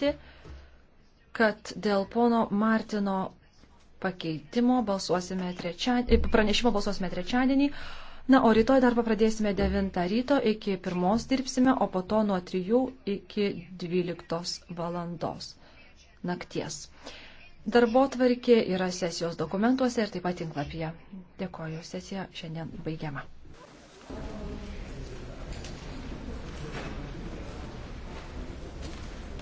pasakyti, kad dėl pono Martino pakeitimo balsuosime trečiadienį, pranešimo balsuosime trečiadienį. Na, o rytoj darbą pradėsime 9 ryto iki 1 dirbsime, o po to nuo 3 iki 12 valandos nakties. Darbo tvarkė yra sesijos dokumentuose ir taip pat tinklapyje. Dėkoju, sesija šiandien baigiama.